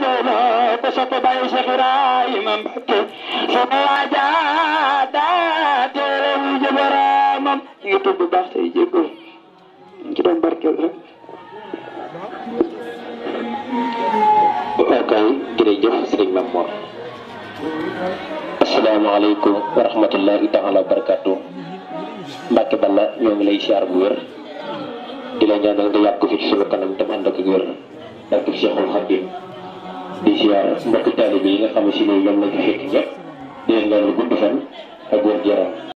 jëloo ba sopp bay Cheikh Ibrahima Mbacké sama waajaa daa teere wu jëbaraamam ñu ngi tudd bu baax tey jéggoo ñu ci doon barkeel rek ok jërëjëf sëriñ Mame Mor asalaamaaleykum wa rahmatullahi taala wa barakatu la ñaanal nga yàgg fi ci suñu kanam dem ànd di ziar mbokk taalibe yi nga xam ne si ne ñoom la ñu fekk